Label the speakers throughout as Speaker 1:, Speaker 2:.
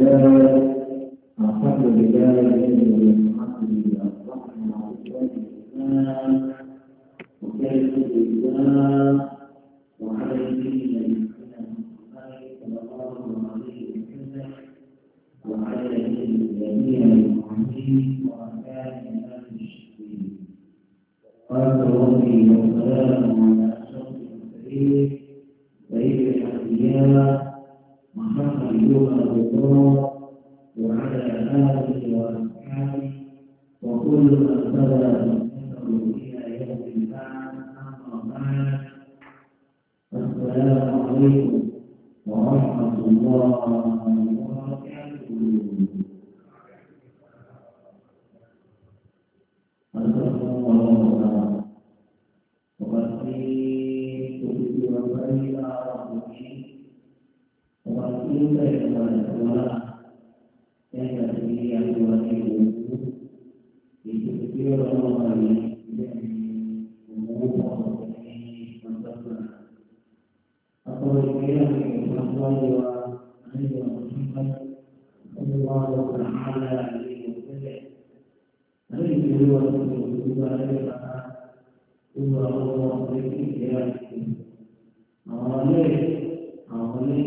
Speaker 1: لله الحمد لله الذي بنعمته أصبحنا عزة الإسلام وكيف الإسلام وعلى دين صلى الله عليه وسلم وعلى دين جميع المسلمين وأركان الناس الشركين. قال ربي والسلام على أشرف المرسلين أيها الأخوة وعلى آله وأصحابه وكل من تبع إلى يوم البعث السلام عليكم ورحمة الله وبركاته Terima kasih. kita yang berdoa dan berdiri yang dua itu itu kecil Allah ini dan umum ini masalah apa yang kita berdoa Nabi Muhammad Sallallahu Alaihi Wasallam Nabi beliau juga ada Tuhan Allah berikan dia awalnya awalnya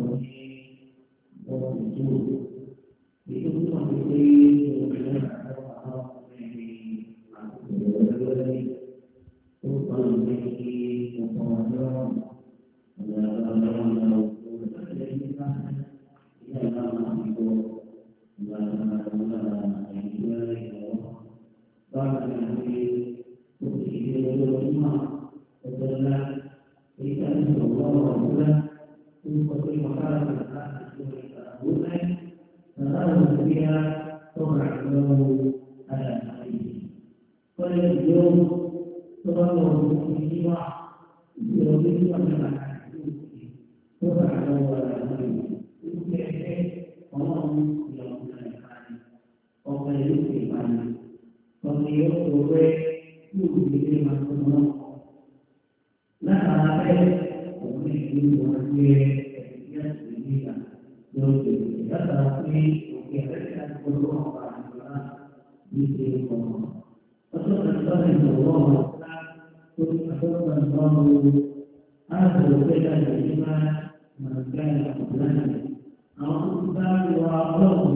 Speaker 1: له فيها تضعه على نفسه ويجوز تضعه فيه يريد ان تضعه على نفسه Thank you. يعرفها كلها عن القرآن مثل الله وصدق رحمه الله تعالى قل أحب الله آخر بلا الإيمان من كان قبلنا أعوذ بالله وأعوذ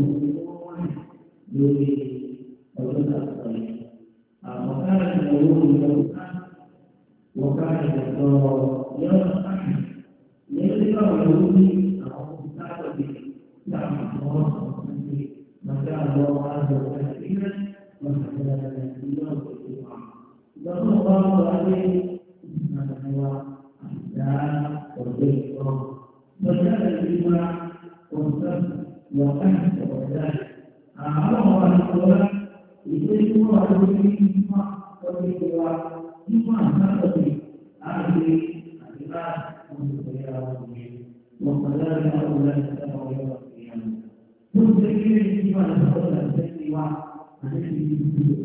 Speaker 1: بالله وجد الطريق وكان يقول وكان يقول الله عليه وسلم الساعة والذكر وجعل الإجماع والسبب والفهم والذات أمره أن يقول يسلم عليه الإجماع والذكر إجماع سبب أهل الإمام وكذلك أولئك تبعوا يوم القيامة. يمسك الإجماع سبب الذكر عن الإجماع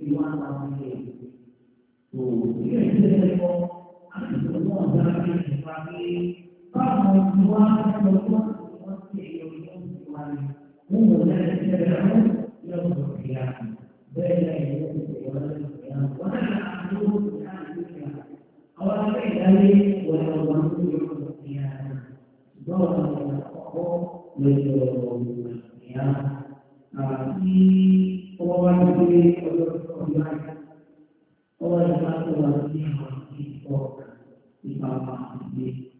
Speaker 1: iwan 关于我的个人，我一般做的地方比较多，地方、广西、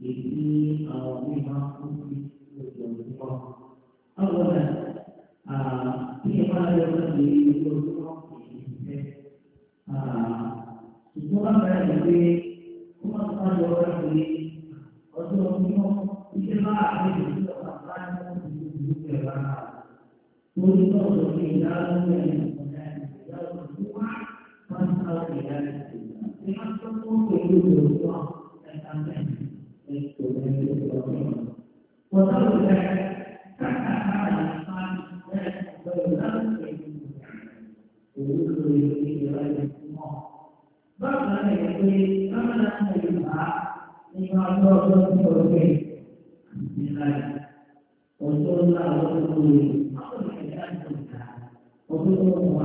Speaker 1: 北京和南方地区比较多。那我的啊，另外一个问题就是说，啊，你说刚才你的工作时间，我的时间，我是从一千八开始上班，一直工作到。muốn có được thì đó là những vấn đề đó là phú hóa quan thơ thì là thì nó không có cái điều điều của tại sao vậy thì chủ đề điều điều của mình của thơ thì là các bạn đã là quan để từ đó thì cũng cười thì là những mò rất là này thì rất là này là thì họ được được được thì là của tôi là một người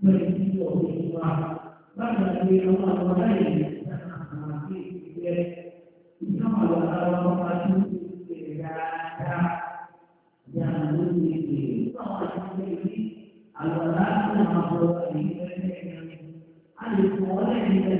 Speaker 1: 每天做运动啊，晚上可以跟我在一起，看看什么电影一些，你唱好了，我来听一些，大家，两个人一起唱一些东西，
Speaker 2: 阿拉俩人好多
Speaker 1: 情歌在唱，阿弥陀佛在念。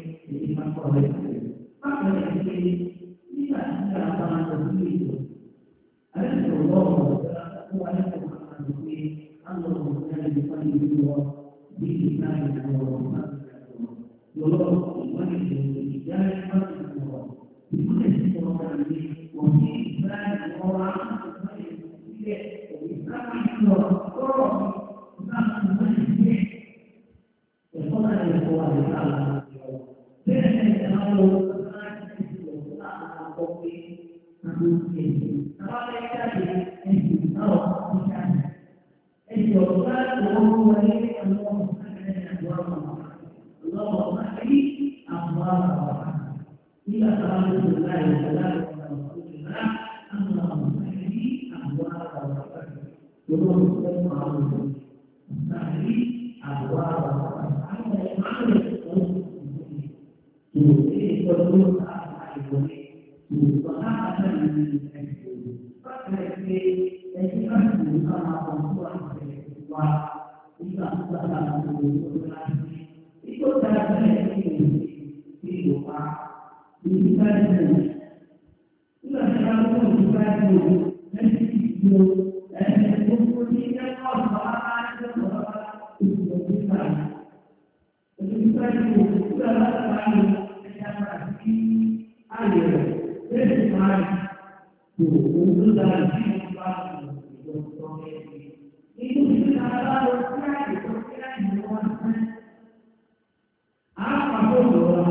Speaker 1: الله تعالى Apa pun orang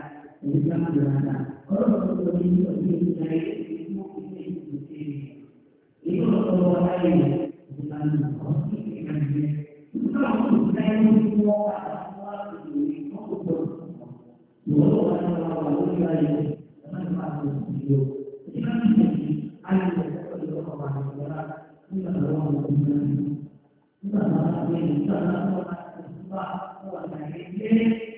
Speaker 1: ini sama dengan kalau begitu begitu dari itu kalau bukan Thank you.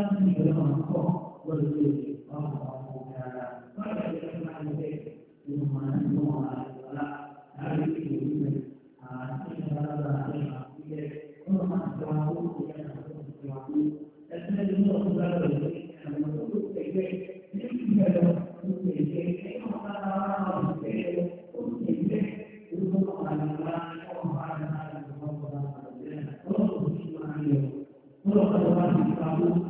Speaker 1: من يرى الله والرسول الله تعالى فلا يجمع عليه ثم نسمع على الصلاة هذه الأمة أشهد أن لا إله إلا الله وما أشهد أن لا إله إلا الله أشهد أن لا Thank you.